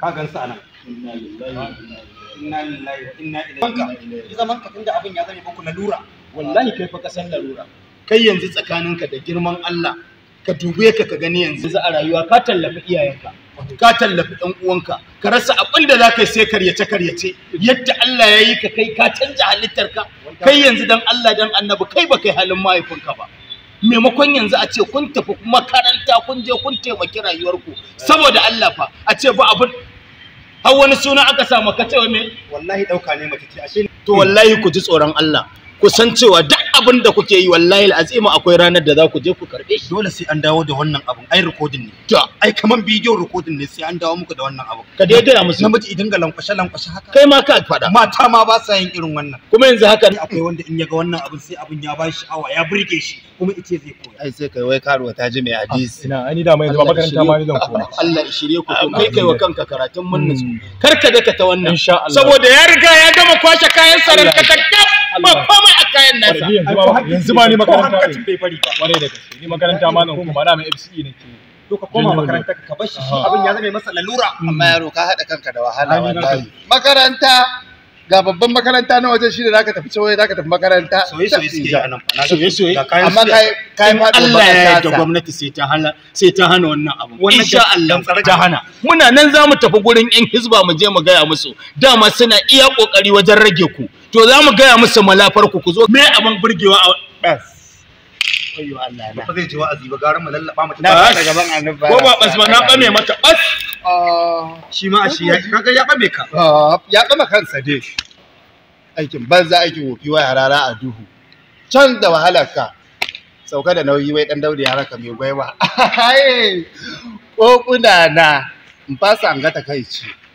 ka gan su anan inna inna zaman ka tunda abin ya zame muku lura. wallahi kai fa ka san kai yanzu tsakaninka da girman Allah ka dube ka ka gani yanzu za a rayuwa ka tallafi iyayenka ka tallafi ɗan uwanka ka rasa abin da za ka yi sai karyace karyace yadda Allah ya yi ka kai ka canza halittarka kai yanzu dan Allah dan annabi kai ba kai halin mahaifinka ba maimakon yanzu a ce kun tafi makaranta kun je kun taimaki rayuwarku saboda Allah fa a ce ba abun har wani suna aka samu ka ce me wallahi dauka ne mace ce ashe to wallahi ku ji tsoron Allah ku san cewa duk abin da kuke yi wallahi al'azima akwai ranar da za ku je ku karbe shi dole sai an dawo da wannan abin ai recording ne to ai kaman bidiyo recording ne sai an dawo muku da wannan abin ka dai gaya musu namiji idan ga lankwashe lankwashe haka kai ma ka fada mata ma ba sa yin irin wannan kuma yanzu haka ne akwai wanda in ya ga wannan abin sai abin ya bashi awa ya burge shi kuma ice zai koya ai sai kai wai karuwa ta ji mai hadisi ina ani da mai zuwa makaranta ma ni zan koma Allah ya shirye ku to kai kai wa kanka karatun mun hmm. kar ka daka ta wannan saboda ya riga ya gama kwashe kayan sarar ka ba komai a kayan nasa yanzu ma ni makaranta ne bai bari ba da gaske ni makaranta malam kuma na mai FCE nake to ka koma makaranta ka bar shi abin ya zama masa lalura hmm. amma yaro ka hada kanka da wahala wallahi makaranta ga babban makaranta na waje shine zaka tafi cewa zaka tafi makaranta soye soye suke ji anan fa soye soye amma kai kai ma Allah ya yarda gwamnati sai ta hana sai ta hana wannan abu insha Allah ta hana muna nan zamu tafi gurin yan hizba mu je mu gaya musu dama suna iya kokari wajen rage ku to za mu gaya musu malafar ku ku zo me abin burgewa a bas ayyo Allah na ba zai ji wa'azi ba garin mu lallaba mata na ta gaban annabi ko ba bas ba na bame mata bas ah. shi ma shi ya kaga ya bame ka ah, ya bame kansa dai aikin banza aikin wofi wai harara a duhu can da wahalar ka sauka da nauyi wai dan daure haraka mai gwaiwa kokuna na in fasa an ga takaici